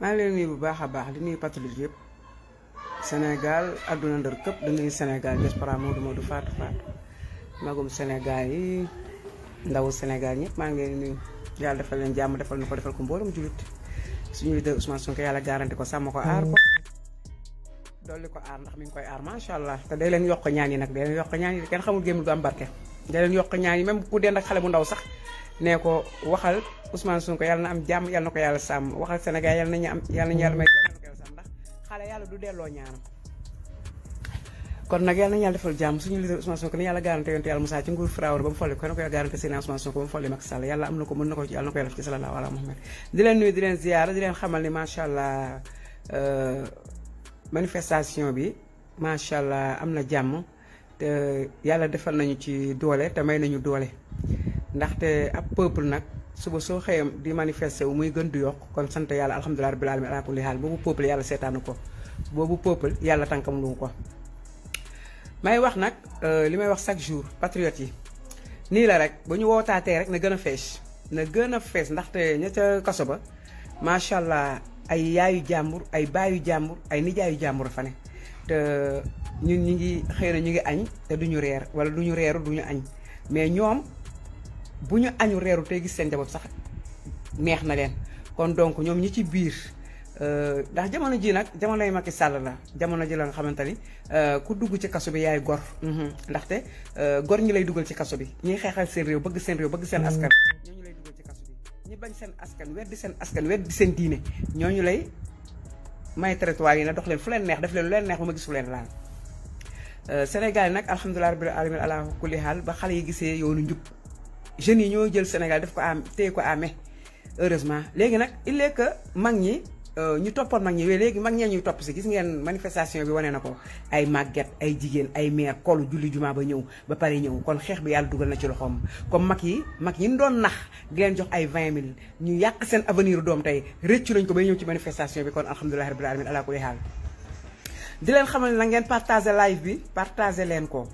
maa ngi leen nuyu bu baax a baax di nuyu Senegal yëpp Sénégal àdduna ndër këpp di nuyu Sénégal diaspora Modou Modou Fatou Fatou magum Sénégal yi ndawu Sénégal ñëpp maa ngi leen nuyu yàlla defal leen jàmm defal na ko defal ko mboolum julit suñu leader Ousmane Sonko yàlla garanti ko sàmm ko aar ko dolli ko aar ndax mi ngi koy aar allah te day leen yokk ñaan yi nag day leen yokk ñaan yi kenn xamul gémm du am barke day leen yokk ñaan yi même ku dend ak xale bu ndaw sax ne ko waxal Ousmane Sonko yalla na am jam yalla nako yalla sam waxal senegal yalla na am yalla na yalla may jàmm nako yalla sam ndax xala yalla du delo ñaanam kon nak yalla na yalla defal jàmm suñu leader Ousmane Sonko ni yalla garanté yonte yalla Moussa ci nguur Firawna ba mu ko na yalla yàlla garanté Ousmane Sonko ba mu Macky Sall yalla am na mën nako ci yalla nako yalla ci sallallahu alaihi wa Muhammad di len nuy di len ziyara di len xamal ni macha allah euh, manifestation bi macha allah am na te yalla defal nañu ci doole te may nañu doole ndaxte ak peuple nag suba soo xëyam di manifester wu muy gën du yokk kon sant yàlla alhamdulilah rabbil alamin ala kulli xaal boobu peuple yàlla seetaanu ko boobu peuple yàlla tànkam lu ko. may wax nag euh, li may wax chaque jour patriotes yi nii la rek bu ñu taatee rek na gën a fees na gën a fees ndaxte ña ca kaso ba macha allah ay yaayu jàmbur ay baayu jàmbur ay nijaayu jàmbur fa ne te ñun ñu ngi xëy na ñu ngi añ te du ñu reer wala du ñu reeru du ñu añ mais buñu añu reeru tey gis sen njaboot sax neex na leen kon donc ñom ñi ci biir euh, ndax jamono ji nak jamono yi Macky Sall la jamono ji la nga xamantani euh ku dugg ci kasso bi yaay gor mhm. euh gor ñi lay duggal ci kasso bi ñi xexal sen réew bëgg sen réew bëgg sen mhm. askan ñu lay duggal ci kasso bi ñi bañ sen askan weddi sen askan weddi seen diine ñooñu lay may territoire yi na dox len fu len neex def len lu neex bu ma gis fu len laal euh, Sénégal nak alhamdoulillah rabbil alamin ala kulli hal ba xalé yi gisé yoonu ñub jeunes yi ñoo jël Sénégal daf ko am téye ko amee heureusement léegi nag il que mag ñi euh, ñu toppoon mag ñi yooyu léegi mag ñee ñuy topp si gis ngeen manifestation bi wane na ko ay màgget ay jigéen ay meer kol julli jumaa ba ñëw ba pare ñëw kon xeex bi yàlla dugal na ci loxoom comme mag yi mag yi ñu doon nax di leen jox ay vingt mille ñu yàq seen avenir doom tey rëccu nañ ko bay ñëw ci manifestation bi kon alhamdulilah rabbil alamin ala kulli haal di leen xamal na ngeen partagé bi partagé leen ko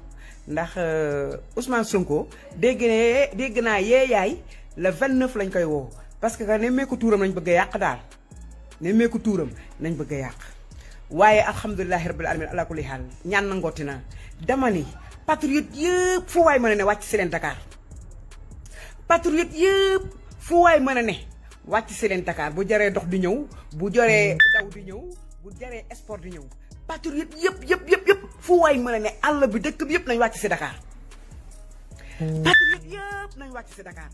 ndax euh, Ousmane Sonko dégg ne dégg naa yee yaay le 29 lañ koy woo parce que nemmeeku tuuram lañ bëgg a yàq daal nemmeeku tuuram nañ bëgg a yàq waaye alhamdulilahi rabbil alamin ala kulli haal ñaan na ngooti naa dama ni patriote yëpp fu waay mën a ne wàcc si leen Dakar patriote yëpp fu waay mën a ne wàcc si leen Dakar bu jaree dox di ñëw bu jaree daw di ñëw bu jaree esport di ñëw patur yep yep yep yep yep fu way mën Allah ne àll bi dëkk bi yep nañ wacc ci Dakar hmm. patur yep yep nañ wacc ci Dakar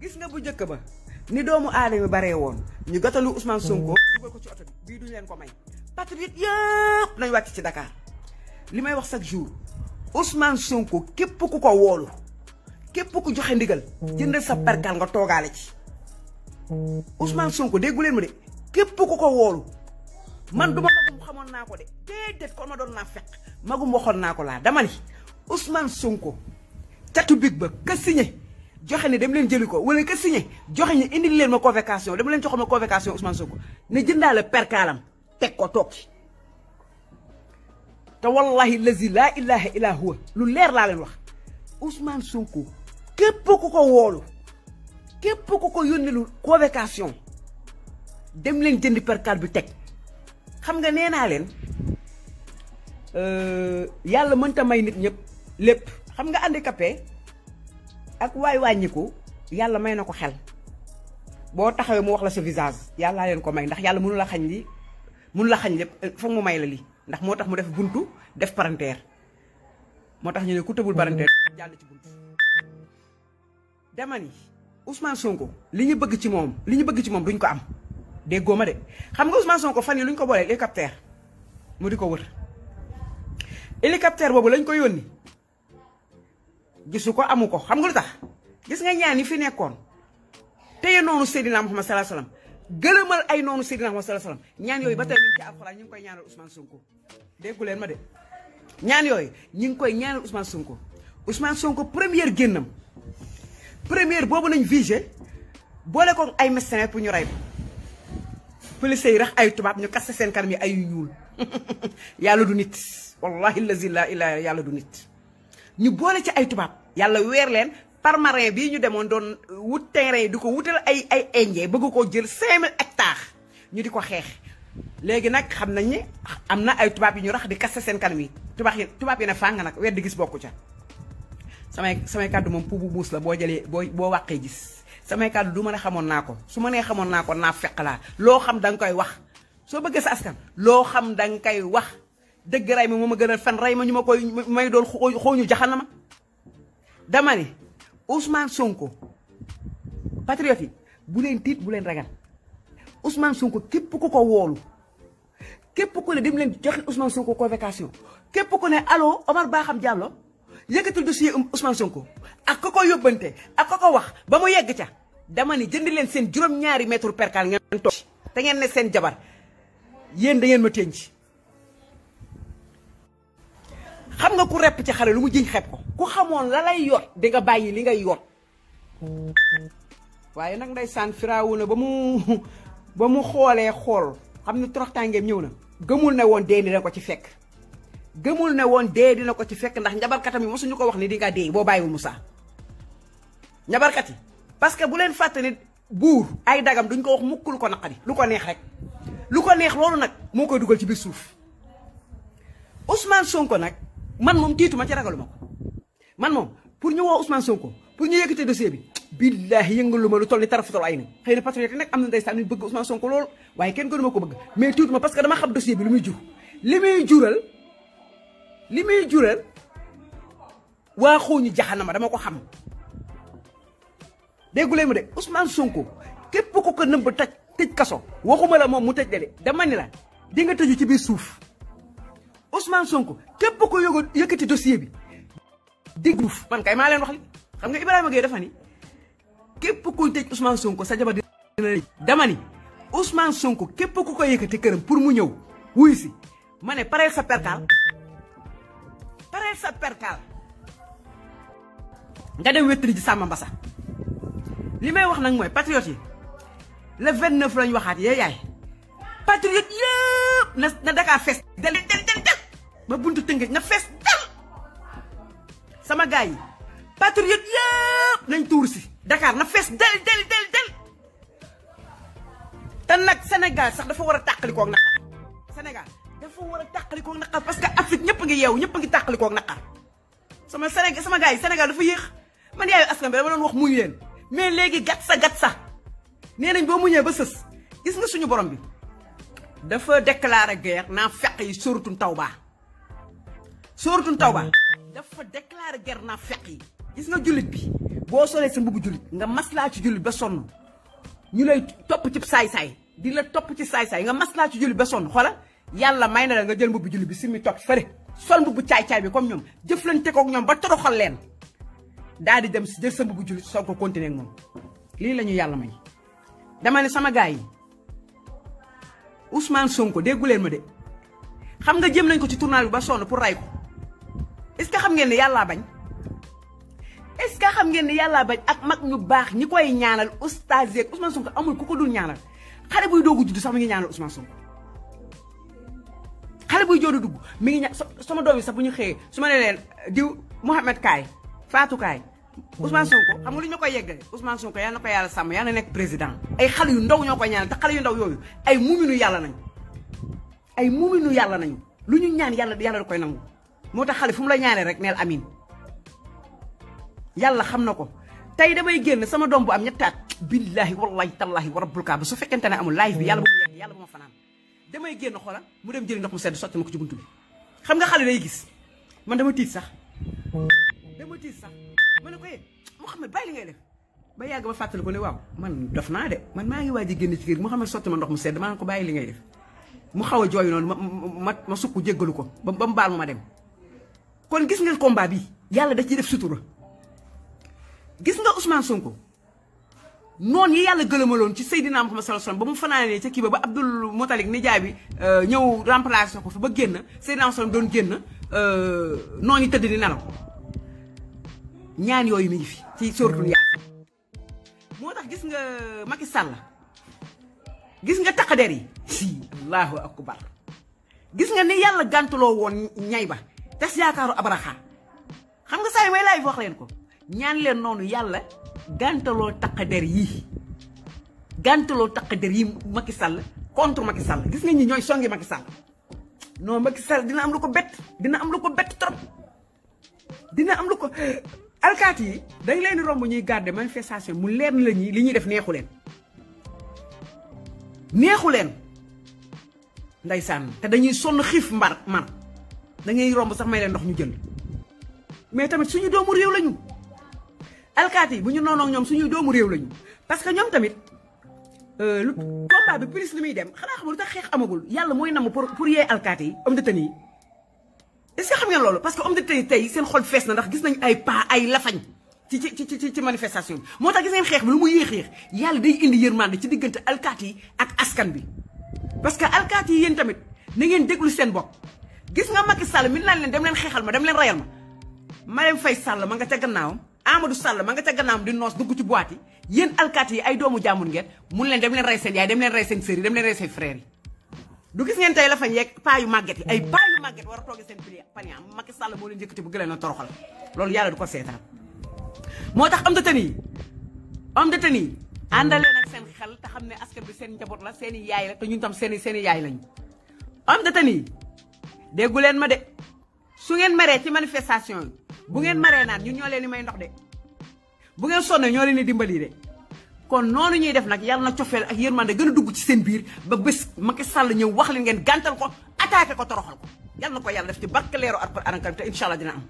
gis nga bu njëkk ba ni doomu aadama bare won ñu gatalu Ousmane hmm. Sonko duggal ko ci auto bi bii duñ leen ko may patriote yep nañ wacc ci Dakar limay wax chaque jour Ousmane Sonko képp ku ko wolu képp ku joxe ndigal hmm. jëndal sa perkal nga togalé ci Ousmane Sonko ma de képp ku ko wolu man duma magum xamoon naa ko de déedéet kon ma doon naa fekk magum waxoon naa ko laa dama ni Ousmane Sonko catu big ba ka signé joxe ne dem leen jëli ko wala ka signé joxe ne indil leen ma convocation dem leen jox ma convocation Ousmane Sonko ne jëndaale perkaalam teg ko toog ci te wallahi lazi laa ilaha illa huwa lu leer laa leen wax Ousmane Sonko képp ku ko woolu képp ku ko yónnelul convocation dem leen jëndi perkaal bi teg xam nga nee naa leen euh, yàlla mënta may nit ñëpp lépp xam nga ànd handicapé ak waay wàññiku yàlla may na ko xel boo taxawee mu wax la sa visage yàllaa leen ko may ndax yàlla mënu la xañ li mënu la xañ lépp foog mu may la lii ndax moo tax mu def buntu def parenteer moo tax ñu ne ku tëbul parenteer jàll ci buntu dama ni Ousmane Sonko li ñu bëgg ci moom li ñu bëgg ci moom duñ ko am déggoo ma de xam nga Ousmane Sonko fan yi lu ñu ko boolee hélicoptère mu di ko wër hélicoptère boobu lañ ko yónni gisu ko amu ko xam nga lu tax gis nga ñaan yi fi nekkoon téye noonu Seydina Muhammad salaa salaam gëlëmal ay noonu Seydina Muhammad salaa salaam yooyu ba tey ñu ci alxuraan ñu ngi koy ñaanal Ousmane Sonko déggu leen ma de ñaani yooyu ñu ngi koy ñaanal Ousmane Sonko Ousmane Sonko première génnam première boobu nañ vigé boole ko ay mercenaires pour ñu rey police yi rax ay tubab ñu kasse seen kanam yi ay ñuul yalla du nit wallahi lazi la ilaha yalla du nit ñu boole ci ay tubab yalla wër leen par parmarin bi ñu demoon doon wut terrain diko wutal ay ay indien bëgg ko jël 5000 hectares ñu diko xex légui nak xamnañ ni amna ay tubab yi ñu rax di kasse seen kanam yi tubaab yi tubab yi na fang nak weer gis bokku ca sama sama kaddu mom pou bou bous la bo jale bo waxe gis samay kàddu du ma ne xamoon naa ko su ma nee xamoon naa ko lo xam dang koy wax so beug sa askan lo xam dang koy wax deug ray mi moma geuna fan ray ma ñuma koy may doon xooñu jaxanama dama ni Ousmane Sonko patriote bu len tit bu len ragal Ousmane Sonko kep ku ko wolu kep ku ne dim len joxe Ousmane Sonko convocation kep ku ne allo Omar Ba xam Diallo yëkkatul dossier Ousmane Sonko ak ko ko yóbbante ak ko ko wax ba mu yegg ca dama ni jënd leen seen juroom ñaari mètre percal ngeen toog te ngeen ne seen jabar yeen da ngeen ma tënc xam nga ku rep ci xalé lu mu jiñ xeeb ko ku xamoon la lay yor di nga bayyi li nga yor waye nak ndeysaan san firawuna ba mu ba mu xolé xol xamni ne toroxtaangeem na gëmul ne woon ko ci fekk gemul ne won de dina ko ci fekk ndax njabar katami musu ñuko wax ni di nga de bo bàyyiwul musa njabar yi parce que bu fatte ni bour ay dagam duñ ko wax mukkul ko nakari lu ko neex rek lu ko neex lolu nak mo koy duggal ci biir suuf Ousmane Sonko nak man titu ma ci ragaluma ko man mom pour ñu wo Ousmane Sonko pour ñu yëkkati dossier bi billahi yëngaluma lu tolli taraf tarafatal ay xeyna patriote nak amna ndaysan ñu bëgg Ousmane Sonko lool waye kenn gënuma ko bëgg mais ma parce que dama xam dossier bi lu muy jur li jural li jurel wa waxuñu jahannama dama ko xam degulay mu de Ousmane Sonko kep ko ko neub taj tej kaso waxuma la mom mu tej dele dama ni la di nga teju ci bi souf Ousmane Sonko kep ko yëgo yekati dossier bi di guuf man kay ma len wax li xam nga Ibrahima Gueye dafa ni kep ko tej Ousmane Sonko sa jaba dina dama ni Ousmane Sonko kep ko ko yekati keureum pour mu ñew wuy si mané ne sa perkaal très sa perkal nga dem wetri ci sàmm mbassa limay wax nak moy patriote yi le 29 lañ waxat ye yaay patriote yëpp na Dakar fest del del del del ba buntu teunge na fest sama gars patriote yëpp nañ tour ci Dakar na fest del del del del tan nak senegal sax dafa wara a tàqalikoog na dafa war a tàqalikoog nakar parce que Afrique ñëpp ngi yeewu ñëpp sama Sénégal sama gars Sénégal dafa yéex man yaayu askan bi dama doon wax muñ leen mais léegi gat sa gat sa nee ba sës gis nga suñu borom bi dafa déclaré guerre naa feq yi tawba tawba dafa guerre yi gis nga jullit bi boo solee sa mbugg jullit nga maslaa ci jullit ba sonn ñu lay ci di la ci nga maslaa ci jullit ba yàlla may na la nga jël mbubbu julli bi simmi toog fële sol mbubbu caay-caay bi comme ñoom jëflante kook ñoom ba toroxal leen daal di dem si jël sa mbubbu julli soog ko continuer moom lii la ñu yàlla may dama ne sama gaay yi Ousmane Sonko déggu leen ma de xam nga jëm nañ ko ci tournage bi ba sonn pour ray ko est-ce que xam ngeen ne yàllaa bañ est-ce que xam ngeen ne yàllaa bañ ak mag ñu baax ñi koy ñaanal oustaz yeeg Ousmane Sonko amul ku ko dul ñaanal xale buy doogu judd sax mi ngi ñaanal xale buy joodu dugg mi ngi ña sama doom yi sax bu ñu xëyee su ma ne leen diw Mouhamed Kaay Fatou Kaay Ousmane Sonko xam nga lu ñu koy yeggale Ousmane Sonko na ko yàlla sàmm yal nekk président ay yu ndaw ñoo koy ñaanal ta xale yu ndaw yooyu ay muminu yàlla nañu ay yàlla nañu lu ñu ñaan yàlla yàlla da koy nangu moo tax xale fu mu la ñaanee rek neel amin yàlla xam na ko tey damay génn sama doom bu am ñettaat billahi wallahi tallahi wa rabbul kaaba su fekkente ne amul live bi yàlla bu yàlla bu ma fanaan damay génn xoolal mu dem jëli ndox mu sedd sotti ma ko ci buntu bi xam nga xale lay gis man dama tiit sax dama tiit sax ma ne ko yee eh, Mouhamed bàyyi li ngay def ba yàgg ba fàttali ko ne waaw man dof naa de man maa ngi waaj a génn ci kër gi ne sotti ma ndox mu sedd maa ngi ko bàyyi li ngay def mu xaw jooy noonu ma ma ma sukk jéggalu ko ba mu baal ma ma dem kon gis nga combat bi yàlla da ciy def sutura gis nga Ousmane ko noonu yi yàlla gëlëmaloon ci Seydina Muhammad sallallahu alayhi wasallam ba mu fanaanee ca kii ba ba Abdul Mutalik bi euh, ñëw remplacé ko fa ba génn Seydina Muhammad doon euh, tëdd di nelaw yooyu mi ngi fi ci sóortul Yaasin gis nga Macky Sall gis nga taqader yi si nga ni yàlla woon ñay ba tas yaakaaru xam nga saa yi may laay wax leen ko ñaan leen noonu yàlla gàntaloo takader yi gàntaloo takader yi Macky Sall contre Macky Sall gis nga ñi ñoy songi Macky Sall non Macky Sall dina am lu ko bet dina am lu ko bet trop dina am lu ko alkaat yi dañ leen romb ñuy garder manifestation mu leen la ñi li ñi def neexu leen neexu leen ndaysan te dañuy son xif mbar man da ngay romb sax may leen ndox ñu jël mais tamit suñu doomu rew lañu alkaati yi bu ñu noonoog ñoom suñuy doomu réew lañu parce que ñoom tamit euh, lu combat bi plus li muy dem xanaa xam lu tax xeex amagul yàlla mooy namm pour pour yee alkaati yi homme de tenue yi est-ce xam ngeen loolu parce que homme de tey seen xol fees na ndax gis nañ ay pas ay lafañ ci ci ci ci ci manifestation bi moo tax gis ngeen xeex bi lu mu yéex yéex yàlla day indi di ci diggante alkaati yi ak askan bi parce que alkaati yi yéen tamit na ngeen déglu seen bopp gis nga Macky Sall mi naan dem leen xeexal ma dem leen rayal ma Marème Faye Sall ma nga ca gannaawam Amadou Sall ma nga ca gannaam di noos dugg ci boîte yi yéen alkaati yi ay doomu jàmbur ngeen mun dem leen rey seen yaay dem leen rey seen sœur yi dem gis ngeen tey la fañ yeeg yu màgget yi ay paa màgget war a toogee seen pli panier am Macky Sall moo leen yëkkati bu gëlee loolu yàlla du ko seetaan moo tax am da tan yi am da tan yi àndaleen ak seen xel te xam ne askan bi seen njaboot la seen yaay la te ñun tam seeni i seen i yaay lañu am da tan yi déggu leen ma de su ngeen meree ci manifestation yi bu ngeen maree naan ñu ñoo leen di may ndox de bu ngeen sonne ñoo leen dimbalii dimbali de kon noonu ñuy def nag yàlla na cofeel ak yërmande gën a dugg ci seen biir ba bés Macky Sall ñëw wax leen ngeen gàntal ko attaqué ko toroxal ko yàlla na ko yàlla def ci barke leeru Alxuraan karim te incha allah dina am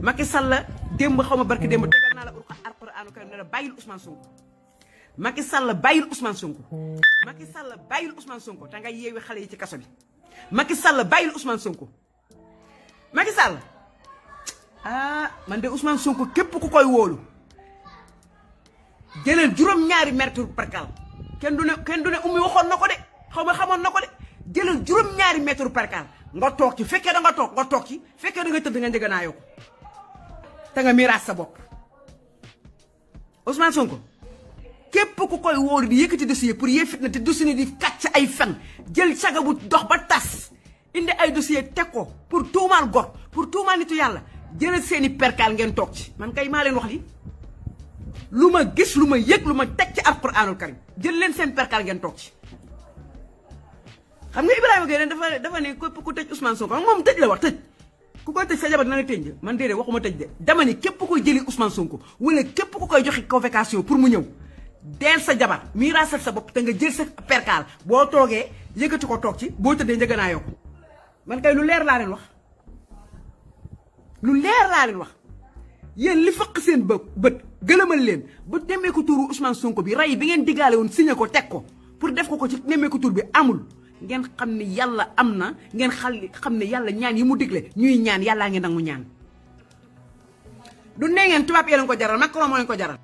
Macky Sall démb xaw ma barke démb dégal naa la Alxuraan karim ne la bàyyil Ousmane Sonko Macky Sall bàyyil Ousmane Sonko Macky Sall bàyyil Ousmane Sonko te nga yeewi xale ci kaso bi Macky Sall bàyyil Ousmane Sonko Macky Sall ah man de Ousmane Sonko kep ku koy wolu jëlal juróom-ñaari mètre parcal ken du ne kenn du ne ummi waxon nako de xawma xamone nako de jëlal juróom-ñaari mètre parcal nga tok ci fekke da nga tok nga tok ci fekke da nga teud nga ndega nayo ta nga mirage sa bopp Ousmane Sonko kep ku koy wolu di yekati dossier pour te dossier di katch ay fan saga dox ba tass indi ay dossier teko pour tout mal gor pour mal nitu yalla jëlal seeni perkalian ngeen tok ci man kay ma leen wax li luma gis luma yek luma tek ci alquranul karim jël leen seen perkal ngeen tok ci xam nga Ibrahima Gueye dafa dafa ne képp ku tej Ousmane Sonko mom tej la wax tej ku ko tej sa jabat dina la man dede waxuma tej de dama ni képp koy jëli Ousmane Sonko wala kep ku koy joxe convocation pour mu ñew del sa jabar rasal sa bop te nga jël sa perkal bo toge ko tok ci yok man kay lu leer la leen wax lu leer la len wax yeen li faq seen beut bët len bu demé ko touru Ousmane Sonko bi ray bi ngeen digalé won signé ko tek ko pour def ko ko ci ko tour bi amul ngeen xamni yalla amna, ngeen xal xam ne yàlla ñaan yi mu diglé ñuy ñaan yalla ngeen nangu ñaan du nee ngeen tubaab yi ko jaral Macron mo sek ko jaral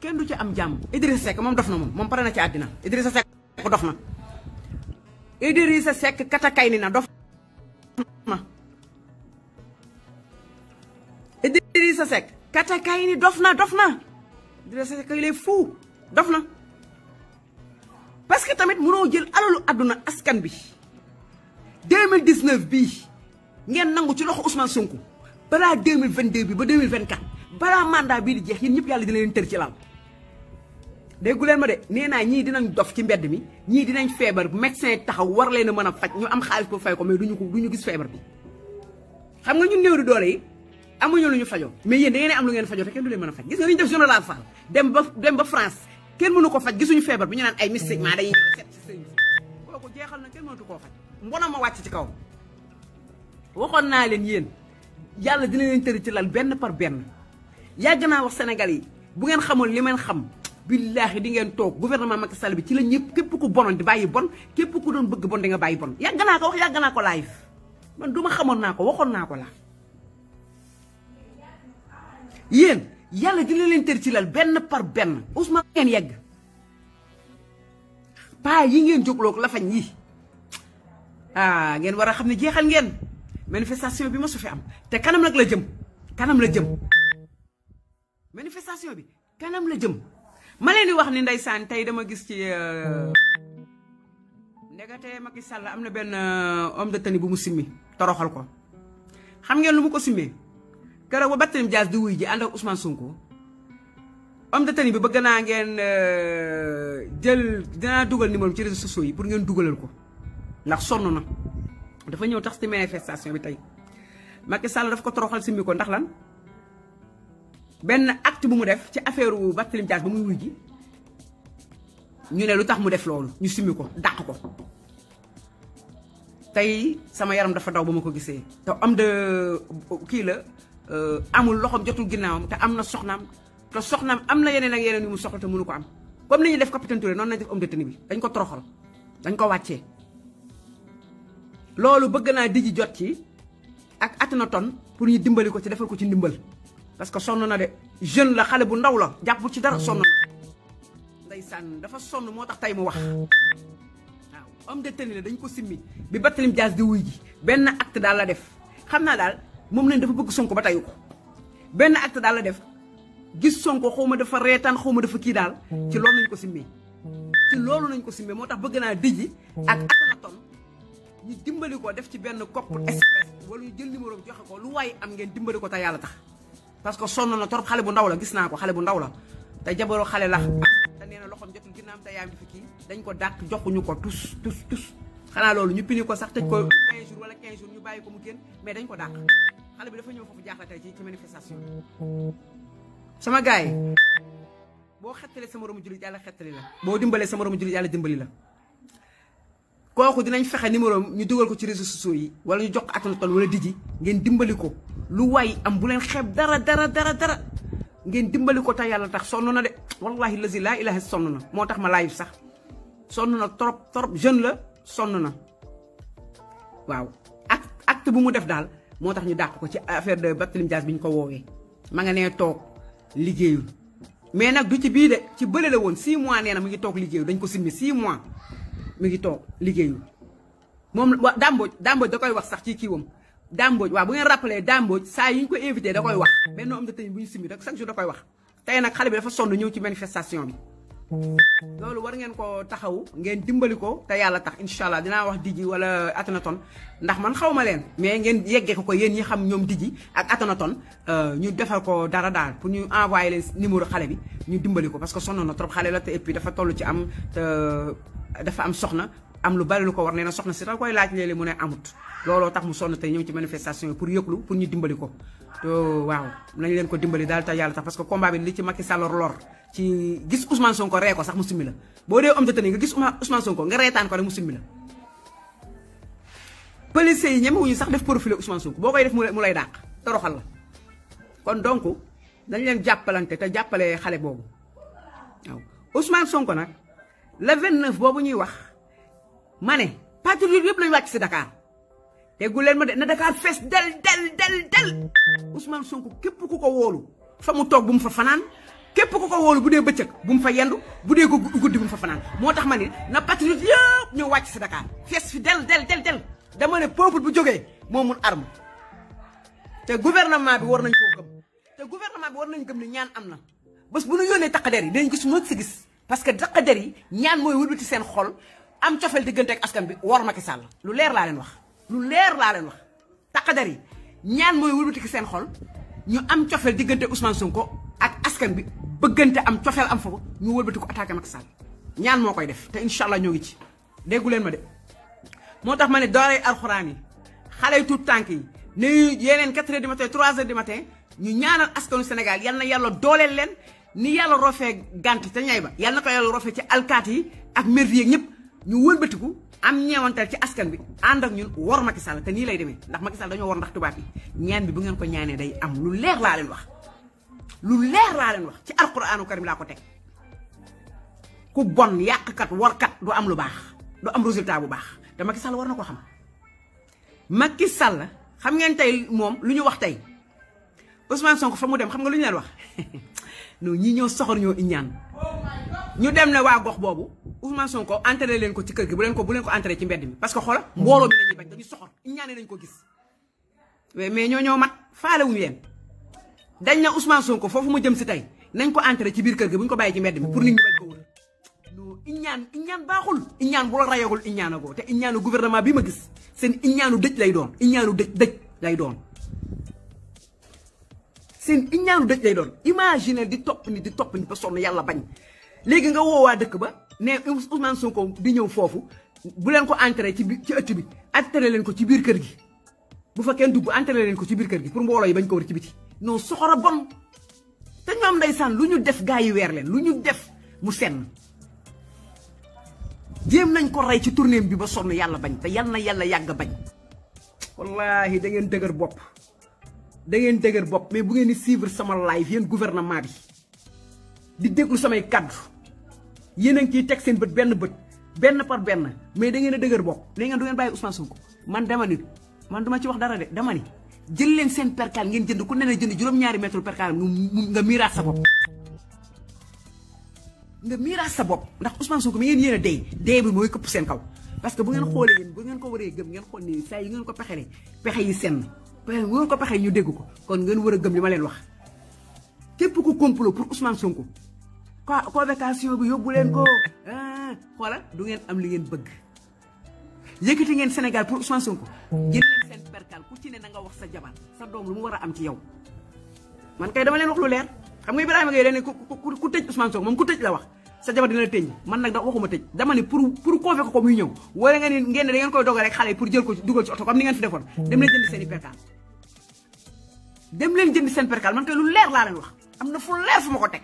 kenn du ci am jàmm idriss sek, mom dofna mom mom parana ci adina idriss sek ko dofna idriss sek kata kay ni na dof Idrissa Seck kata kay ni dofna na dof na Idrissa Seck il est fou dofna parce que tamit mëno jël alalu aduna askan bi 2019 bi ngeen nangu ci loxo Ousmane Sonko balaa 2022 bi ba 2024 balaa mandat bi di jeex yéen ñëpp yàlla dina leen teer ci laal déggu leen ma de neena ñi dinañ dof ci mbedd mi ñi dinañ bu médecin taxaw war leen mëna fajj ñu am xaalis pour fay ko mais duñu ko duñu gis bi xam nga ñun neewru doole yi amuñu luñu fajo mais yeen da ngay am lu ngeen fajo te kenn du leen mëna faj gis nga ñu def journal la dem ba dem ba france kenn mënu ko faj gisuñu febar bu ñu naan ay mystique ma dañuy set ci sëñ kooku jéxal na kenn mënu ko faj mbono ma wacc ci kaw waxon na leen yeen yalla dina leen teeru ci lal benn par benn yàgg naa wax sénégal yi bu ngeen xamul li men xam billahi di ngeen tok gouvernement Macky Sall bi ci la ñepp kep ku bonon di bayyi bon kep ku doon bëgg bon di nga bayyi bon yàgg naa ko wax yàgg naa ko live man duma xamoon nako waxon nako la yéen yàlla dina leen tër ci lal benn par benn Ousmane ngeen yegg paa yi ngeen jógloog la yi ah ngeen war a xam ne jeexal ngeen manifestation bi ma su fi am te kanam nag la jëm kanam la jëm manifestation bi kanam la jëm ma leen wax ni ndeysaan tey dama gis ci euh, ndegate Macky Sall am na benn euh, homme de tenue bu mu simmi toroxal ko xam ngeen lu mu ko simmee kara wa Barthélémy Dias di wuy ji ànd ak Ousmane Sonko homme de bi bëgg na ngeen euh, jël dinaa dugal numéro ci réseaux sociaux yi pour ngeen duggalal ko ndax sonu na dafa ñew tax ci manifestation bi tay Macky Sall daf ko toroxal ci ko ndax lan ben acte bu mu def ci affaire wu Barthélémy Dias ba muy wuy ñu ne lu tax mu def lool ñu simi ko dakk ko tay sama yaram dafa daw ba ma ko gisee taw am de ki la Euh, amul loxoom jotul ginnaawam te am na soxnaam te soxnaam am na yeneen ak yeneen yu mu soxla te mënu ko am comme ni ñuy def capitaine Touré noonu lañ def homme de tenue bi dañ ko toroxal dañ ko wàccee loolu bëgg naa di ji jot ci ak att na ton pour ñu dimbali ko ci defal ko ci ndimbal parce que sonn na de jeune la xale bu ndaw la jàppul ci dara sonn na ndeysaan dafa sonn moo tax tey mu wax waaw homme de la dañ ko simmi bi Barthélémy Dias di wuy ji benn at daal la def xam mom lañ dafa bëgg sonko ba tayu ko benn acte dal la def gis sonko xawma dafa rétan xawma dafa ki dal ci loolu lañ ko simmi ci loolu lañ ko simmi motax bëgg na diji ak Akhenaton ñu dimbali ko def ci ben cop express wala ñu jël numéro joxe ko lu way am ngeen dimbali ko te yàlla tax parce que sonna na torop xalé bu ndaw la gis na ko xalé bu ndaw la te jabaroo xalé la te neena loxom jottu ginnam ta te yaayam dafa dañ ko dàq joxuñu ko tous tous tous xana loolu ñu pini ko sax tej ko 15 jours wala 15 jours ñu bayiko mu genn mais dañ ko dàq xale bi dafa ñëw foofu jaaxle tey ci ci manifestation sama gars yi boo xettalee sa moromu jullit yàlla xettali la boo dimbalee sama moromu jullit yàlla dimbali la kooku dinañ fexe numéro ñu dugal ko ci réseaux sociaux yi wala ñu jox ko atanu toll wala ngeen dimbali ko lu waay am bu leen xeeb dara dara dara dara ngeen dimbali ko tax yàlla tax sonn na de wallahi lazi laa ilaha sonn na moo tax ma laayif na trop trop jeune la sonn na waaw acte bu mu def daal moo tax ñu dàq ko ci affaire de Barthélémy Dias bi ñu ko woowee ma nga nee toog liggéeyul mais nag du ci bii de ci bële la woon 6 mois nee na mu ngi toog liggéeyul dañ ko simmi 6 mois mu ngi toog liggéeyul moom wa Damboj Damboj da koy wax sax ci kiiwam Damboj waaw bu ngeen rappelé Damboj saa yi ñu ko invité da koy wax benn homme de tenue bu ñu simmi rek chaque jour da koy wax tey nag xale bi dafa sonn ñëw ci manifestation bi loolu war ngeen ko taxaw ngeen dimbali ko te yàlla tax incha allah dinaa wax Diji wala Akhenaton ndax man xaw leen mais ngeen yeggee ko ko yéen ñi xam ñoom Diji ak Akhenaton euh, ñu defal ko dara daal pour ñu envoyé leen numéro xale bi ñu dimbali ko parce que sonn na trop xale la te et puis dafa tollu ci am te dafa am soxna am lu bari lu ko war neena soxna ci dal koy laaj mu ne amut lolo tax mu sonu tay ñew ci manifestation pour yeklu pour ñu dimbali ko to waaw nañ leen ko dimbali dal ta yalla tax parce que combat bi li ci Macky Sall lor ci gis Ousmane Sonko ré ko sax mu simmi la boo dee homme nga gis Ousmane Sonko nga rétan ko rek mu la policiers yi ñu sax def profilé Ousmane Sonko bokay def mu lay dàq toroxal la kon donc nañ leen jappalante ta jappalé xalé bobu waaw Ousmane Sonko nak le 29 bobu ñuy wax mané patrouille patriote yëpp lañu wàcc si Dakar gu leen ma dé na Dakar fess del del del del Ousmane Sonko képp ku ko wolu fa mu toog bu mu fa fanaan képp ku ko wolu budé dee bu mu fa yendu budé ko guddi bu mu fa fanan motax mané na patrouille yëpp ñu wacc ci Dakar fess fi del del del del dama ne peuple bu joggé moo mun arme té gouvernement bi war nañ ko gëm té gouvernement bi war nañ gëm ni ñaan amna bës bu ñu yone taqadeer yi ko gis moo gis gis parce que taqadeer yi ñaan moy wëlbati seen xol am tiofel digënté ak askan bi war Macky Sall lu leer la leen wax lu leer la leen wax taqadar ñaan moy wulutik seen xol ñu am tiofel digënté Ousmane Sonko ak askan bi bëggënté am tiofel am foofu ñu wëlbeetiku ko attaqué Macky Sall ñaan mo koy def te inshallah ñogi ci déggu leen ma de motax mané doore alcorane xale tout tuut tànk yi nañu yeneen 4 h du matin 3 h du matin ñu ñaanal askanu Sénégal yalla yàlla dooleel leen ni yàlla rofé gant te ñay ba yalla ko yàlla rofé ci alkat yi ak merdier ñëpp ñu betuku, am ñeewantal ci askan bi and ak ñun war Macky Sall te ni lay démé ndax Macky Sall dañu war ndax tubaab yi ñaan bi bu ngeen ko ñaané day am lu leer la leen wax lu leer la leen wax ci alquranu karim la ko tek ku bon war warkat du am lu do du am résultat bu bax te Macky Sall war na ko xam Macky Sall xam ngeen tay mom luñu wax tay Ousmane Sonko fa dem xam nga luñu leen wax non ñii ñoo soxor ñoo iñaan ñu dem ne waa gox boobu Ousmane ko entré leen ko ci kër gi bu leen ko bu leen ko entré ci mbedd mi que xoola mm-hmm. mbooloo mi la ñuy bañ dañu soxor ko gis mais ñoo ñoo mat faale wuñu leen dañ na Ousmane Sonko foofu mu jëm si tey nañ ko entré ci biir kër gi bu ko bàyyi ci mbedd mi pour nit ñi bañ ko wër non iñaan iñaan baaxul iñaan bu la rayagul iñaanagoo te iñaanu gouvernement bi ma gis seen iñaanu dëj lay doon iñaanu dëj dëj lay doon seen iñaanu dëj lay doon imaginer di topp ni di topp ni ba sonn yàlla bañ léegi nga woowaa dëkk ba ne Ousmane ko di ñëw foofu bu leen ko entré ci bi ci ëtt bi entré leen ko ci biir kër gi bu fa kenn dugg entré leen ko ci biir kër gi pour mboolooy yi bañ ko war ci biti non soxora bon te ñoom ndeysaan lu ñu def gaa yi weer leen lu ñu def mu senn jéem nañ ko rey ci tournée bi ba sonn yàlla bañ te yal na yàlla yàgg bañ wallaahi dangeen dëgër bopp da ngeen bob, bopp mais bu ngeen sama live yang gouvernement bi di déglu sama kaddu yang a ngi ciy teg seen bët benn benn par benn mais da ngeen a dëgër bopp. léegi ngeen du ngeen mana Ousmane Sonko man dama ni man duma ci wax dara de dama ni jël leen seen percal ngeen jënd ku ne jënd juróom-ñaari mètre percal nga miiraat sa bopp. nga miiraat sa bopp ndax Ousmane Sonko mi ngeen a dee bi mooy këpp seen kaw parce que bu ngeen bu ngeen ko gëm ngeen ni saa yi ngeen ko Eh, pexe wóor ko pexé ñu dégg ko kon ngeen wëra gëm li ma leen wax képp ku complot pour Ousmane Sonko ko convocation bi yobul leen ko mm. ah, xoola du ngeen am li ngeen bëgg yëkëti ngeen Sénégal pour Ousmane Sonko mm. jël leen seen perkal ku ci ne na nga wax sa jabar sa doom lu mu wara am ci yow man kay dama leen wax lu leer xam nga Ibrahima ngay leen ku ku Ousmane Sonko mom ku tëj la wax sa jabar dina la tëj man nak da waxuma tëj dama ni pour pour convoquer ko muy ñew wala ngeen ngeen da ngeen koy dogal rek xalé pour jël ko duggal ci auto comme ni ngeen fi defoon mm. dem la jënd seen i dem leen jënd seen percal man tey lu leer laa leen wax am na fu leer fu ma ko teg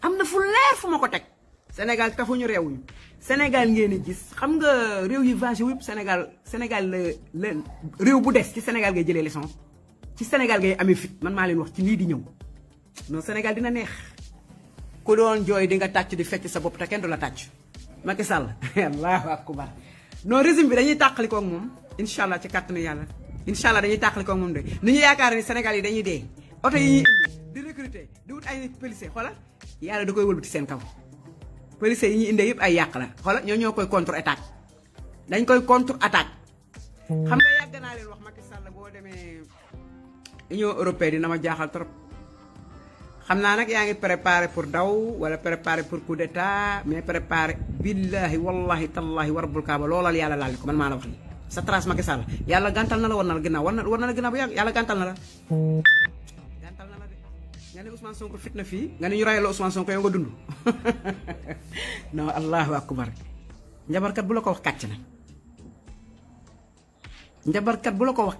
am na fu leer fu ma ko teg Sénégal taxuñu réewuñu Sénégal ngeen di gis xam nga réew yi vangé yëpp Sénégal Sénégal le la réew bu des ci Sénégal ngay jëlee leçon ci Sénégal ngay amee fit man maa leen wax ci lii di ñëw non Sénégal dina neex ku doon jooy di nga tàcc di fecc sa bopp te kenn du la tàcc Macky Sall allahu akbar non régime bi dañuy tàqali koog moom incha allah ci kàttanu yàlla incha allah dañuy tàqali koog moom de ni ñu yaakaar ni Sénégal yi dañuy dee oto yi di recruter di wut ay policier xoola yàlla da koy wëlbati seen kaw policier yi ñuy indee yëpp ay yàq la xoola ñoo ñoo koy contre attaque dañ koy contre attaque xam nga yàgg naa leen wax Macky Sall boo demee Union européenne na ma jaaxal trop xamna nak yaangi préparer pour daw wala préparer pour coup d'état mais préparer billahi wallahi tallahi rabbul kaaba lolal yalla lal ko man maa wax ni sa trace Macky Sall yalla gantal na la wonal ginaaw wonal wonal ginaaw bu gantal na la gantal na la nga Ousmane Sonko fitna fi nga ñu Ousmane Sonko nga dund no allahu akbar kat bu la ko wax kàcc na kat bu la ko wax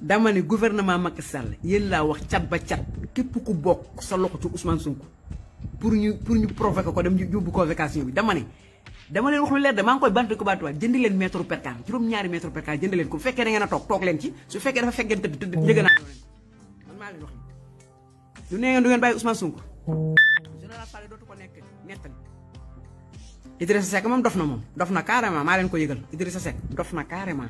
dama ni gouvernement Macky Sall yéen la wax cat ba cat kep ku bok sa loxo ci Ousmane Sonko pour ñu pour ñu provoquer ko dem ñu yóbbu convocation bi dama ne dama leen wax lu leer de maa ngi koy bant ko wa jënd leen mètre per carré juroom ñaari mètre per carré jënd leen ko bu fekkee da ngeen a tok toog leen ci su fekkee dafa fekkee tëdd tëdd njëgën man ma leen wax du ne ngeen du ngeen baye Ousmane Sonko général Fall dootu ko nekk netal Idrissa Seck mom dofna mom dofna carrément ma leen ko yëgal Idrissa Seck dofna carrément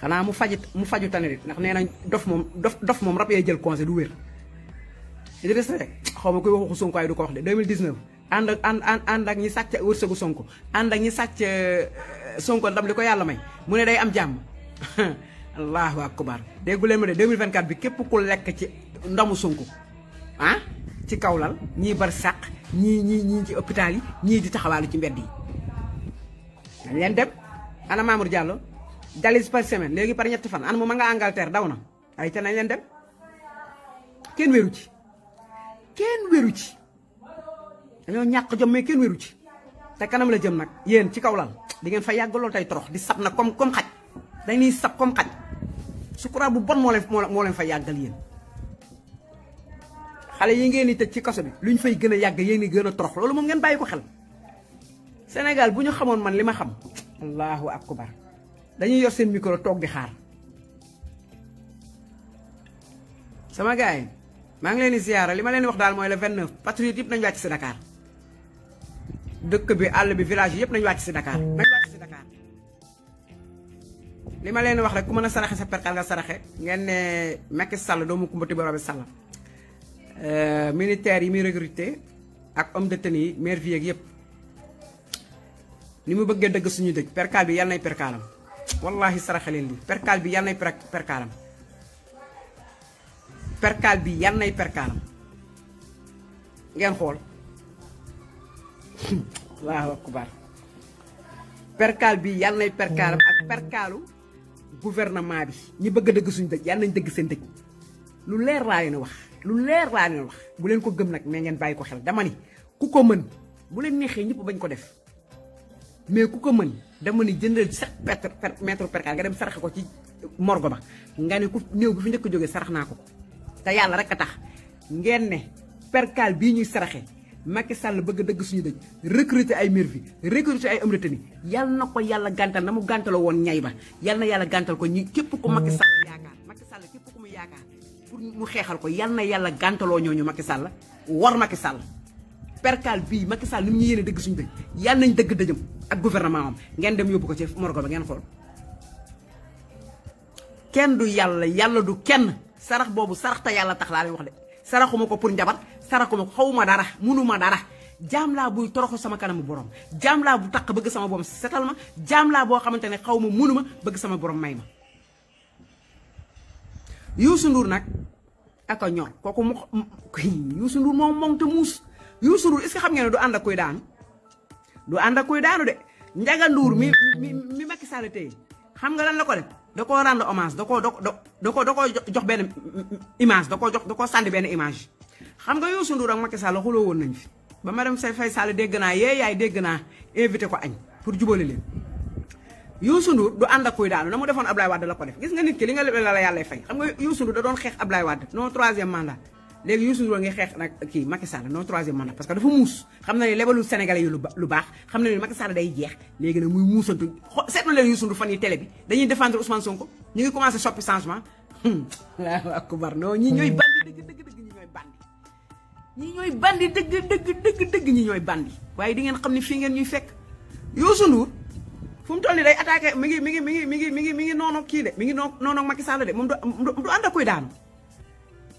xana mu faj mu faju tane nak nee nañ dof mom dof dof mom rab yee jël conseil du wér Idriss rek xawma koy waxu Sonko ay du ko wax de 2019 and ak and and ak ñi sacc wërsegu Sonko ànd ak ñi sacc euh, Sonko ndam liko ko may mu ne day am jàmm allahu akbar déggu leen ma de 2024 bi kep ku lek ci ndamu Sonko ah ci kawlal ñi bar sax ñi ñi ñi ci hôpital yi ñi di taxawal ci mbedd ñen dem ana Mamour Diallo dalis par semaine parinya par ñett fan an mo ma nga Angleterre daw na ay ca nañ dem Ken wëru ci ken wëru ci dañu ñak jom me ken wëru ci te kanam la jëm nak yeen ci kawlan di ngeen fa yag lool tay torox di sap na kom kom xaj dañ ni sap kom xaj sukura bu bon mo molen mo leen fa yagal yeen xale yi ngeen ni te ci kasso bi luñ fay gëna yag yeen ni gëna torox loolu moom ngeen bayiko xel senegal buñu xamone man lima xam allahu akbar dañuy yor seen micro toog di xaar sama gars yi maa ngi leen di ziara li ma leen wax daal mooy le 29 patriote yëpp nañ wàcc si Dakar dëkk bi àll bi village yi yëpp nañu wàcc si Dakar nañ wàcc si Dakar li ma leen wax rek ku mën a saraxe sa perkal nga saraxe ngeen ne Macky Sall doomu kumbati Tiborobe Sall euh, militaire yi muy recruté ak homme de tenue yi merveilleux yëpp ni mu bëggee dëgg suñu dëj perkal bi yàlla nay perkalam wallahi saraxe leen lii perkaal bi yàlla nay perkaalam perkaal bi yàlla nay perkaalam ngeen xool allahu akbar perkaal bi yàlla nay perkaalam ak perkaalu gouvernement bi ñi bëgg a dëgg suñu dëgg yàlla nañ dëgg seen dëgg lu leer laa leen wax lu leer laa leen wax bu leen ko gëm nag mais ngeen bàyyi ko xel dama ni ku ko mën bu leen neexee ñëpp bañ ko def mais ku ko mën dama ni jëndal sept mètre per mètre percale nga dem sarax ko ci morgo ba nga ne ku néew bi fi njëkk a jógee sarax naa ko ko te yàlla rek a tax ngeen ne percale bii ñuy saraxee Macky Sall bëgg dëgg suñu dëj recruter ay nervi recruter ay homme de tenue yal na ko yàlla gàntal na mu gàntaloo woon ñay ba yal na yàlla gàntal ko ñi képp ku Macky Sall yaakaar Macky Sall képp ku mu yaakaar pour mu xeexal ko yal na yàlla gàntaloo ñu Macky Sall war Macky sàll percal bi Macky Sall nim ñi ñu deug suñu deug yal nañ deug dëjëm ak gouvernement am ngeen dem yóbbu ko ci morgo ba ngeen xol kenn du yalla yalla du kenn sarax bobu sarax ta yalla tax la lay wax de saraxuma ko pour njabar saraxuma ko xawuma dara munuma dara jam la buy toroxu sama kanam borom jam la bu tak bëgg sama borom setal ma jam la bo xamantene ne munuma bëgg sama borom mayma yusundur nak Ndour nag ak a ñor kooku mu Youssou Ndour moom te muus Youssou Ndour est-ce xam ngeen ne du ànd ak koy daanu du ànd ak kuy daanu de Ndiaga Ndour mi mi mi Macky Sall tey xam nga lan la ko def da koo rendre hommage da koo da koo da koo jox benn image da koo jox da koo sànni benn image. xam nga Youssou Ndour ak Macky Sall xuloo woon nañu fi ba madame Say Faye Sall naa yee yaay dégg naa invité ko añ pour jubale leen Youssou Ndour du ànd ak kuy nga nit ki li nga la la yàlla fay xam nga Youssou Ndour da doon xeex Ablaye Wade non troisième mandat. léegi Youssou Ndour ngi xeex nag kii Macky Sall non troisième mandat parce que dafa muus xam na ne lebalu sénégalais yi lu baax xam na ne Macky Sall day jeex léegi nag muy muusantu seetlu leen Youssou Ndour fan yi télé bi dañuy défendre Ousmane Sonko ñu ngi commencé soppi changement Allahu akbar non ñi ñooy bandi dëgg dëgg dëgg ñi ñooy bandi ñi ñooy bandi dëgg dëgg dëgg dëgg ñi ñooy bandi waaye di ngeen xam ne fii ngeen ñuy fekk Youssou Ndour fu mu toll nii day attaqué mi ngi mi ngi mi ngi mi ngi mi ngi mi ngi noonu kii de mi ngi noonu noonu Macky Sall de moom du ànd ak kuy daanu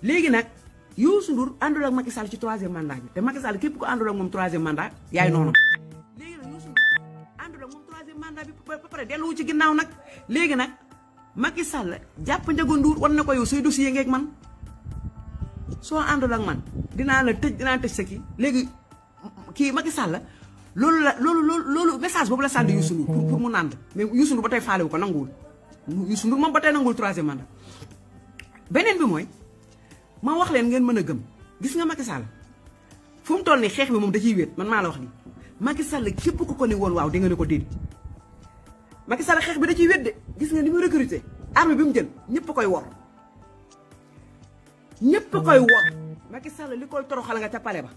léegi nag Youssou Ndour àndul ak Macky Sall ci troisième mandat bi te Macky Sall képp ko àndul ak moom troisième mandat yaay noonu. léegi nag Youssou Ndour moom troisième mandat bi ba pare delluwu ci ginnaaw nag léegi nag Macky Sall jàpp Ndiaga Ndour war na ko yow say dossier ngeeg man soo àndul ak man dinaa la tëj dinaa sa kii léegi kii Macky Sall loolu la loolu loolu loolu message boobu la sal Youssou Ndour pour pour mu nànd mais Youssou Ndour ba tey faalewu ko nanguwul Youssou Ndour moom ba tey nanguwul troisième mandat beneen bi mooy. ma wax len ngeen meuna gem gis nga Macky Sall fu mu tolni xex xeex bi moom da ci wet man ma la wax ni Macky Sall kep ku ko ni won waw di nga ne ko dit Macky Sall xex bi da ci wet de gis nga ni mu recruter arme bi mu jël ñepp koy wor ñepp koy wor Macky Sall li koy toroxal nga ca palé ba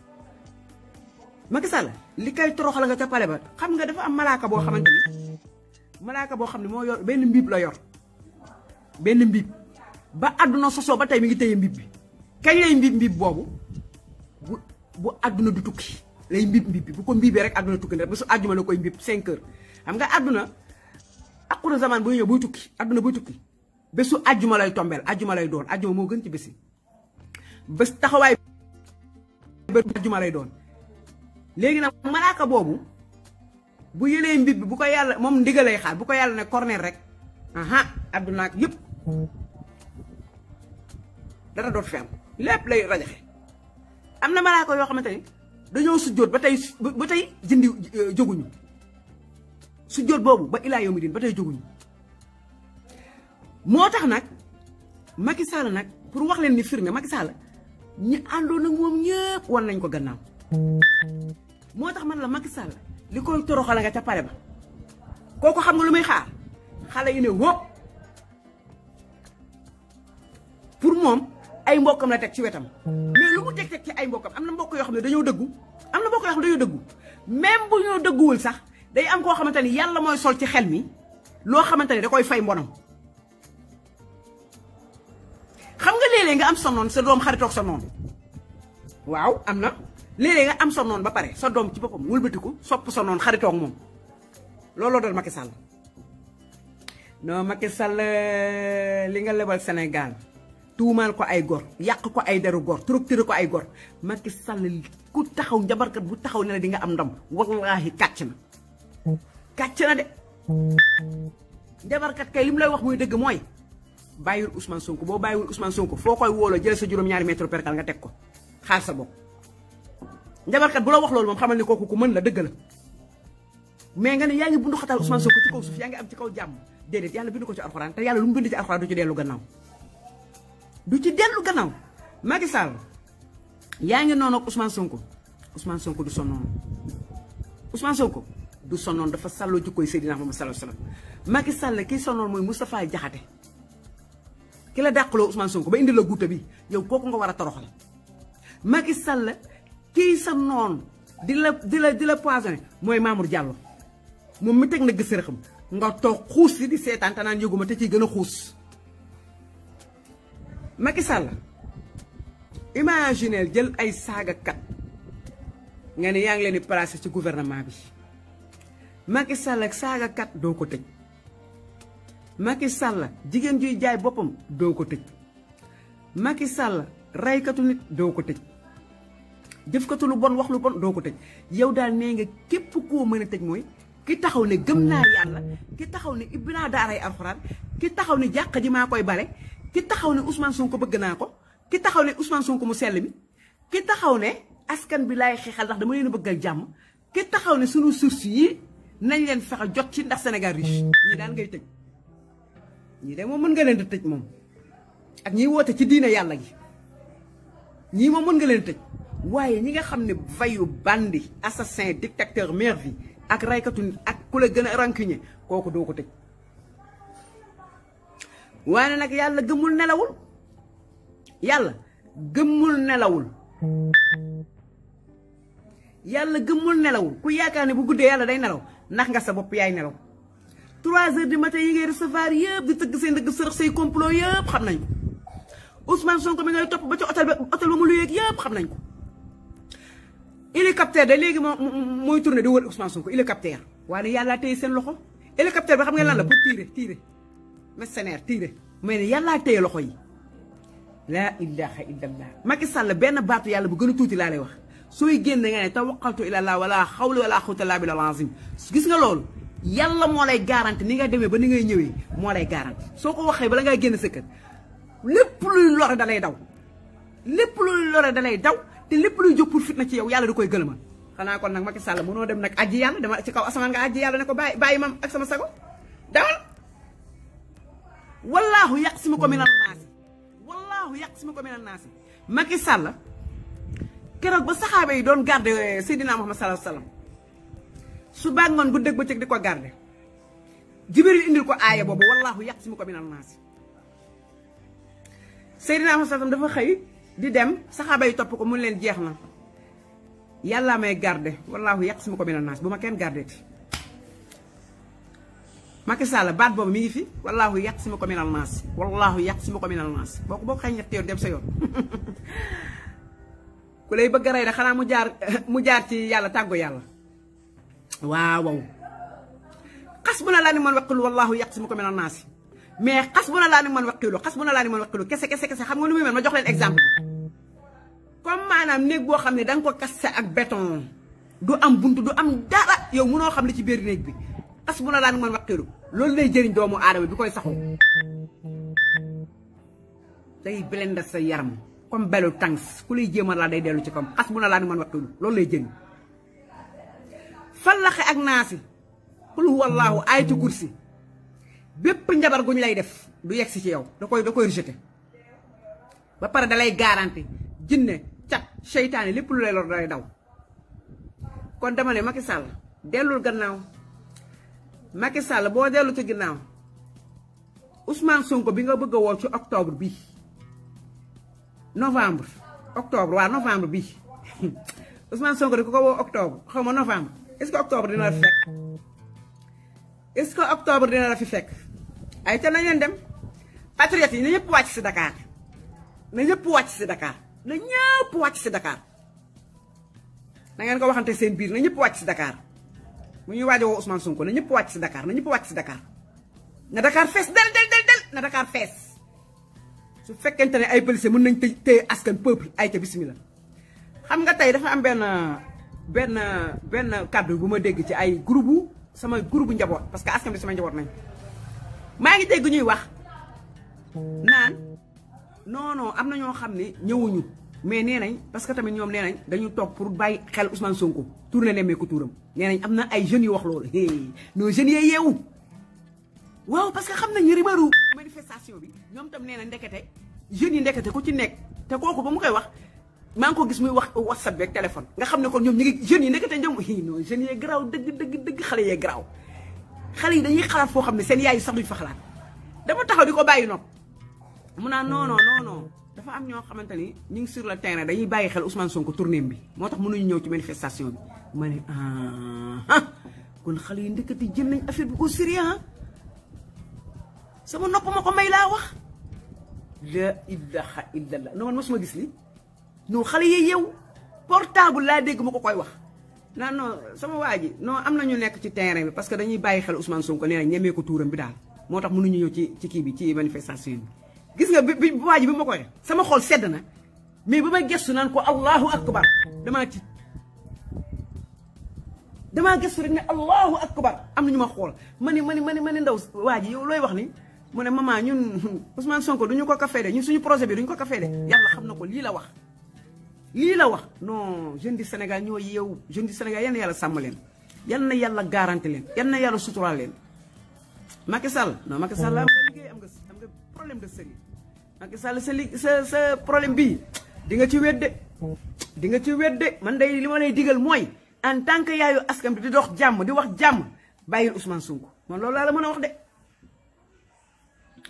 Macky Sall li koy toroxal nga ca palé ba xam nga dafa am malaka bo xamanteni malaka bo xamni mo yor ben mbib la yor ben mbib ba aduna soso ba tay mi ngi mbib bi kañ lay mbib mbib boobu bu bu àdduna du tukki lay mbib mbib bu ko mbibee rek àdduna tukki rek ba su la koy mbib 5 heures xam nga àdduna aqulu zaman buy ñëw àdduna buy tukki bésu àjjuma lay tombeel àjjuma lay doon àjjuma moo gën ci bési bés taxawaay bés lay doon léegi nag malaaka boobu bu yëlee mbib bu ko yàlla moom ndigal lay bu ko yàlla ne corner rek aha àdduna ak yëpp dara doot fi lépp lay rajaxe am na malaaka yoo xamante ni dañoo sujjóot ba tey ba tey jëndi euh, jóguñu sujjóot boobu ba ilaa yawmi din ba tey jóguñu moo tax nag Macky Sall nag pour wax leen ni firnde Macky Sall ñi àndoon ak moom ñëpp wan nañ ko gannaaw moo tax man la Macky li koy toroxal nga ca pare ba kooku xam nga lu muy xaar xale yi ne wóop pour moom ay mbokkam la teg ci wetam mais lu mu teg teg ci ay mbokkam am na mbokk yoo xam ne dañoo dëggu am na mbokk yoo xam ne dañoo dëggu même bu ñoo dëgguwul sax day am koo xamante ni yàlla mooy sol ci xel mi loo xamante ni da koy fay mbonam xam nga léeg-léeg nga am sa noon sa doom waaw am na léeg nga am sa ba pare sa doom ci boppam wulbatiku sopp sa noon xaritoog moom looloo doon Macky Sall non Macky Sall li nga lebal Sénégal tuumal ko ay gor yak ko ay deru gor turuk tëri ko ay gor Macky Sall ku taxaw kat bu taxaw ne la di nga am ndam wallahi katchna katchna de jabar de kay lim lay wax muy deug moy bayur Ousmane Sonko bo bàyyiwul Ousmane Sonko fokoy wolo wóoloo sa juróom-ñaari mètre percal nga tek ko xaar sa jabar kat bu la wax lolum xamal ni koku ku meun la deug la mais nga ne yaangi bundu xatal Ousmane Sonko ci ko suuf yaangi am ci kaw jam dedet yalla bindu ko ci alcorane te yalla lu mu bindu ci alcorane du ci delu gannaaw du ci dellu gannaaw Macky Sall yaa ngi noonu ak Ousmane Sonko Ousmane Sonko du sonnoon Ousmane Sonko du sonnoon dafa sàlloo ci koy Muhammad sallallahu alayhi wasallam Macky Sall kii sonnoon mooy Moustapha Diakhaté ki la dàqaloo Ousmane Sonko ba indi la bi yow kooku nga war a toroxal Macky Sall kii sa noon di la di la di la poisonné mooy Mamour Diallo moom mu teg na gis xam nga toog xuus si di seetaan te naan yëguma te ciy gën a xuus. Macky Sall imaginer jël ay kat nga ni yaa ngi leen di placé ci gouvernement bi Macky Sall ak kat do ko tej Macky Sall jigen juy jaay bopam do ko tej Macky Sall raykatu nit do ko def lu bon wax lu bon do ko tej yow dal ne nga kep ko meuna tej moy ki taxaw ne gemna yalla ki taxaw ne ibna naa daaray ki taxaw ne jàq ji ki taxaw ne Ousmane ko bëgg naa ko ki taxaw ne Ousmane ko mu sell mi ki taxaw ne askan bi laay xeexal ndax dama leen a bëggal jàmm ki taxaw ne sunu source yi nañ leen fexe jot ci ndax Sénégal riche ñii daan ngay tëj ñii de moom mën nga leen di tëj moom ak ñiy woote ci diine yàlla gi ñii moom mën nga leen tëj waaye ñi nga xam ne vayu bandi assassin dictateur mervi ak raykatu ak ku la gën a rancunier kooku doo ko tëj waaye nag yàlla gëmul nelawul yàlla gëmul nelawul yàlla gëmul nelawul ku yaakaar ne bu guddee yàlla day nelaw ndax nga sa bopp yaay nelaw trois heures du matin yi ngay recevoir yëpp di tëgg say ndëgg sërëx say complot yëpp xam nañ ko Ousmane Sonko mi ngay topp ba ci hôtel ba hôtel ba mu luyeeg yëpp xam nañ ko hélicoptère da léegi moo mooy tourné di wër Ousmane Sonko hélicoptère waaye yàlla tey seen loxo hélicoptère bi xam nga lan la pour tiire tiire mercenaire tire mais ne yalla téye loxo ilaha illallah maki Sall ben batu yalla bu gën tuti la lay wax sooy génn nga ne tawakkaltu ilallah wala hawla wala quwwata illa billah azim gis nga loolu yalla mo lay garantie ni nga deme ba ni ngay ñëwee mo lay garantie soko ko ba la nga genn sa kër lu luy lore da lay daw lépp luy lore da lay daw te lépp luy jóg pour fitna ci yow yalla du koy gëlema xana kon nak maki Sall mënoo dem nak aji yalla dama ci kaw asaman nga aji yalla ne ko bàyyi mam ak sama sago dawal wallaahu yaqsimu ko minan naasi wallaahu yaqsimu ko minan naasi Macky Sall keroog ba saxaaba yi doon garde eh, seddinaa Muhammad sallallahu alayhi wa sallam su bàngoon guddeeg bëccëg di ko garde Jibril indil ko aaya boobu wallaahu yaqsimu ko minan naasi Seydina Muhammad sallallahu dafa xëy di dem saxaaba yi topp ko mun leen jeex na yàllaa may garde wallaahu yaqsimu ko minan naasi bu ma kenn gardeeti Macky Sall bat bobu mi fi wallahu yaqsimu ko min al-nas wallahu yaqsimu ko min al-nas ko boo xëy ñetti yoon dem sa yoon ku lay bëgg ray da xana mu jaar mu jaar ci yalla tàggu yalla waaw xas bu ni man waqilu wallahu yaqsimu ko min al-nas mais qasbuna la ni man waqilu qasbuna la ni man waqilu kese kese kese xam nga nu muy mel ma jox leen exemple comme manam neeg bo dang ko kasse ak béton du am buntu du am dara yow mënoo xam li ci biir neeg bi asbuna laa man waqiru loolu lay jeriñ doomu adama bi koy saxu day blender sa yaram comme belu tanks ku lay jéemal laa day delu ci comme asbuna laa man waqiru loolu lay jeriñ falakh ak nasi qul huwa allahu ayatu kursi bepp njabar guñ lay def du yegg ci yow da koy da koy rejeter ba para da lay garanti jinne chat syaitan lepp lu lay lor day daw kon dama Macky Sall gannaaw Macky Sall boo dellu ci ginnaaw Ousmane Sonko bi nga bëgg a woo ci octobre bi novembre octobre waa novembre bi Ousmane Sonko di ko ko woo octobre xaw ma novembre est-ce que octobre dina la fi fekk est-ce que octobre dina la fi fekk ay te nañ dem patriotes yi na ñëpp wàcc si dakaar na ñëpp wàcc si Dakar na wàcc si Dakar na ngeen ko waxante seen biir na ñëpp wàcc si dakaar mu ñuy waajo Ousmane Sonko na ñëpp wàcc si Dakar na ñëpp wàcc si Dakar na Dakar fess dal dal dal dal na Dakar fess su fekkente ne ay policiers mën nañ tëj askan peuple ay ca bismillah xam nga tay dafa am ben ben ben cadre bu ma dégg ci ay groupe sama groupe njabot parce que askan bi sama njabot nañ ma ngi dégg ñuy wax nan non non amna ño xamni ñewuñu mais nee nañ parce que tamit ñoom nee nañ dañu toog pour bàyyi xel Ousmane Sonko tourné nemmeeku tuuram nee nañ am na ay jeunes yu wax loolu nos jeunes yee yeewu waaw parce que xam nañ ribaru manifestation bi ñoom tam nee na ndekete jeunes yi ndekete ku ci nekk te kooku ba mu koy wax maa ngi ko gis muy wax whatsapp beeg téléphone nga xam ne kon ñoom ñu ngi jeunes yi ndekete ñoom non jeunes yee garaaw dëgg dëgg dëgg xale yee garaaw xale yi dañuy xalaat foo xam ne seen yaay sax duñ fa xalaat dama taxaw di ko bàyyi nopp mu naan non non non dafa am ñoo xamanteni ni ngi sur le terrain dañuy bayyi xel Ousmane Sonko bi motax mënu ñu ñëw ci manifestation bi mané ah, ah kon xal yi ndëkkati jël nañ affaire bi au sérieux ah. sama nopp mako may la wax la ilaha illallah no man mosuma gis li no xal yi yew portable la dégg mako koy wax na no sama waji no am nañu nekk ci terrain bi parce que dañuy bayyi xel Ousmane Sonko nee ñëmé ko touram bi daal motax mënu ñu ñëw ci ci ki bi ci manifestation bi gis nga bi waji bi koy sama xol sedd na mais ba gessu nan ko allahu akbar dama ci dama gessu rek ne allahu akbar am nañuma xol mané mané mané mané ndaw waji yow loy wax ni mu mama ñun Ousmane Sonko duñu ñu ko kafee de ñun suñu projet bi du ko kafee de yàlla xam na ko li la wax. li la wax non jeune du Sénégal ñoy yew jeune du Sénégal yalla yalla sam sàmm leen yalla na yàlla garanti leen yalla na yàlla suturaal leen Macky Sall non Macky Sall am nga liggéey am nga am nga problème de série Macky Sall sa li sa sa problème bi di nga ci wedde di nga ci wedde man day li ma lay digal mooy en tant que yaayu askan bi di dox jàmm di wax jàmm bàyyil Ousmane Sonko man loolu laa la mën a wax de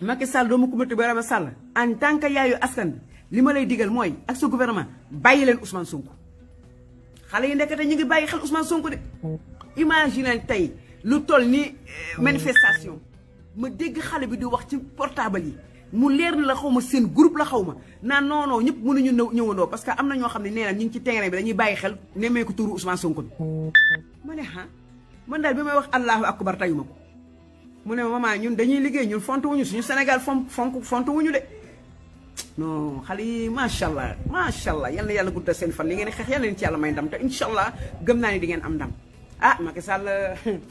Macky Sall doomu Koumba Birame Sall en tant que yaayu askan li ma lay digal mooy ak sa bàyyi leen Ousmane Sonko xale yi ndekete ñu ngi bàyyi xel Ousmane Sonko de imagine tey lu toll ni euh, manifestation ma dégg xale bi di wax ci portable yi mu leer ni la xawma seen groupe la xawma na non non ñëpp mënuñu ñëwandoo parce que am na ñoo xam ne nee na ñu ci terrain bi dañuy bayyi xel nemmee ko touru Ousmane Sonko mané ha ah, man dal bima wax allahu akbar tayuma ko mune mama ñun dañuy liggéey ñun fontu wuñu suñu Sénégal fon fonk wuñu de non xali ma sha allah sha allah yalla yalla gudda seen fan li ngeen xex yalla ci yalla may ndam te gëm di ngeen am ndam ah Macky Sall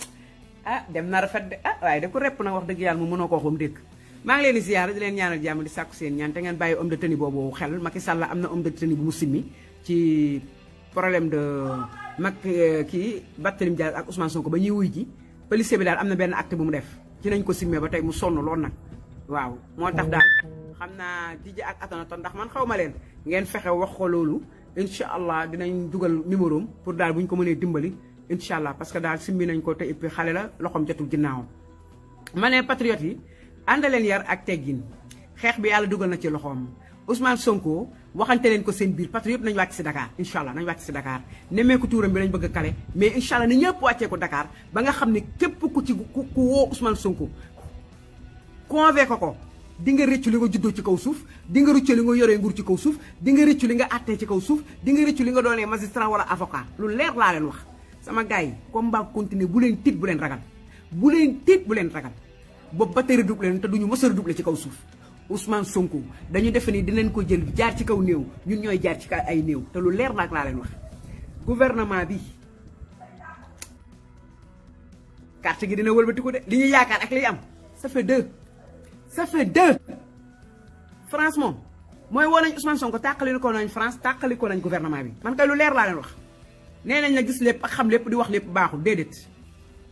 ah dem na rafet de ah way da ko rep na wax deug yalla mu mëno ko waxam dégg mang leen ziar di leen ñaanal jamm di sakku seen ñaan te ngeen baye homme de tenue boobu xel Macky Sall amna na homme de tenue bu musimi ci problème de mak euh, ki Barthélémy Dias ak Ousmane Sonko ba ñi wuy ji police bi daal amna na benn acte bu mu def ci nañ ko simé ba tay mu sonn lool nak waaw mo tax daal xamna djiji ak atana atanaton ndax man xawma leen ngeen fexé wax ko lolu inshallah dinañ duggal numéro pour daal buñ ko mëne dimbali inshallah parce que daal simbi nañ ko te et xalé la loxom jottu ginnaw mané patriote yi andalen yar ak teggin xex bi yalla duggal na ci loxom Ousmane Sonko waxante len ko seen bir patriote yëpp nañu wàcc si Dakar inshallah nañ wacc ci dakar neme ko touram bi lañ bëgg a mais inshallah ni ñepp wàccee ko Dakar ba nga xamni ne ku ci ku wo Ousmane Sonko convé ko di nga reccu li nga juddo ci kaw suuf di nga reccu li nga yoree nguur ci kaw suuf di nga reccu li nga atté ci kaw suuf di nga reccu li nga doone magistrat wala avocat lu leer la len wax sama gaay combat continue bu len tit bu len ragal bu len tit bu len ragal boobu ba tey redoublé na te duñu mës a redoublé ci kaw suuf Ousmane Sonko dañu defe ni dinañ ko jël jaar ci kaw néew ñun ñooy jaar ci kaw ay néew te lu leer nag laa leen wax gouvernement bi carte gi dina ko de li ñuy yaakaar ak liy am ça fait deux ça fait deux France moom mooy woo nañ Ousmane Sonko tàqali ko nañ France tàqali ko nañ gouvernement bi man kay lu leer laa leen wax nee nañ la gis lépp ak xam lépp di wax lépp baaxul déedéet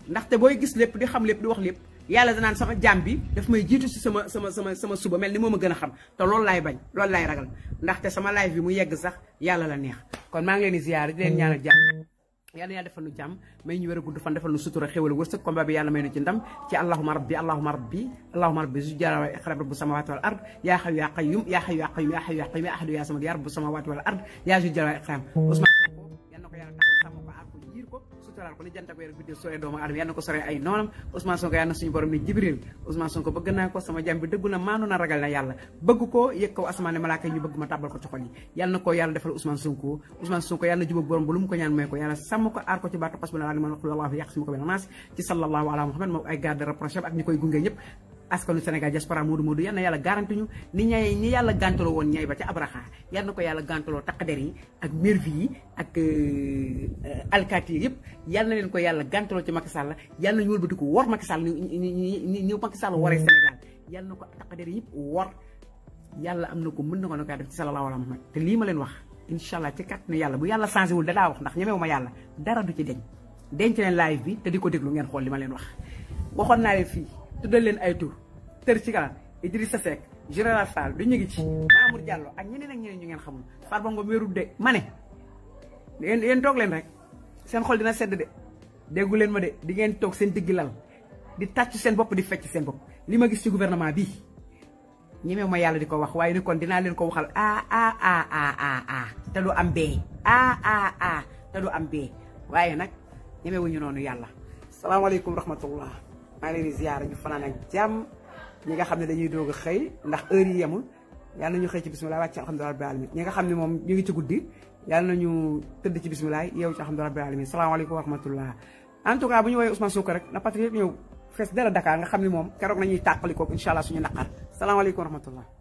ndaxte booy gis lépp di xam lépp di wax lépp yàlla danaan sama jàmm bi daf may jiitu si sama sama sama sama suba mel ni moom a gën a xam te loolu laay bañ loolu laay ragal ndaxte sama live bi mu yegg sax yàlla la neex kon maa ngi leen di ziar di leen ñaanal jàmm yàlla yàlla defal nu jàmm may ñu wér a gudd fan defal nu sutura xéwal wërsëg komba bi yàlla may nu ci ndam ci allahuma rabbi allahuma rabbi allahuma rabbi zu jara wa iqrab rabbu samawati wal ard yaa xayu yaa qayyum yaa xayu yaa qayyum yaa xayu yaa qayyum yaa ahadu yaa samad yaa rabbu samawati wal yaa zu jara wa ko ni jant ak weer ak biddew sore doomu aadama yal na ko sore ay noonam Ousmane Sonko yal suñu borom ni Jibril Ousmane Sonko bëgg naa ko sama jàm bi dëggu na maanu na ragal na yàlla bëgg ko yëg ko asamaane malaaka yi ñu bëgg ma tàbbal ko ci yi yal ko yàlla defal Ousmane Sonko Ousmane Sonko yal na jubóog borom ba lu mu ko ñaan may ko yàlla sàmm ko aar ko ci baatu pas bu na laa ni man wax lu Allah si ma ko benn naas ci sallallahu ala askanu senegal diaspora mudu mudu yalla yalla garantiñu ni ñay ni yalla gantolo won ñay ya, ba ci abraha yalla ko yalla gantolo takder yi ak mervi ak eh, alkati yep yalla len ko yalla gantolo ci Macky Sall yalla ñu wëlbeuti ko wor Macky Sall ni ni Macky Sall woré ya yalla ko takder yep wor yalla amna ko mën na anu ko ya def ci sallallahu alaihi wasallam te li ma len wax inshallah ci kat ne yalla bu yalla changer wul da la wax ndax ñamewuma yalla dara du ci deñ ci len live bi te diko deglu ngeen xol li ma len wax waxon na fi tuddal len ay tur ter ci kanam Idrissa Seck Général Fall du ñu ngi ci Mamour Diallo ak ñeneen ak ñeneen ñu ngeen xamul Farba Ngom wéerul de mané yeen yeen tok len rek seen xol dina sedd de déggu len ma de di ngeen tok seen digg lal di tacc seen bop di fecc seen bop lima gis ci gouvernement bi ñemew ma yalla di wax waye ni kon dina len ko waxal a a a a a te lu am be a a a te lu am nak waaye wuñu nonu yalla assalamu alaykum rahmatullah maa ngi leen di ziar ñu fanaan jàmm ñi nga xam ne dañuy doog a xëy ndax heure yi yemul yàlla nañu xëy ci bisimilah wàcc ci alhamdulilah rabbil alamin ñi nga xam ne moom ñu ngi ci guddi yàlla nañu tëdd ci bisimilah yow ci alhamdulilah rabbil alamin salaamaaleykum wa rahmatullah en tout cas bu ñu woowee Ousmane Sonko rek na patriote yëpp ñëw fees dara Dakar nga xam ne moom keroog nañuy tàqali kooku incha allah suñu naqar salaamaaleykum wa rahmatullah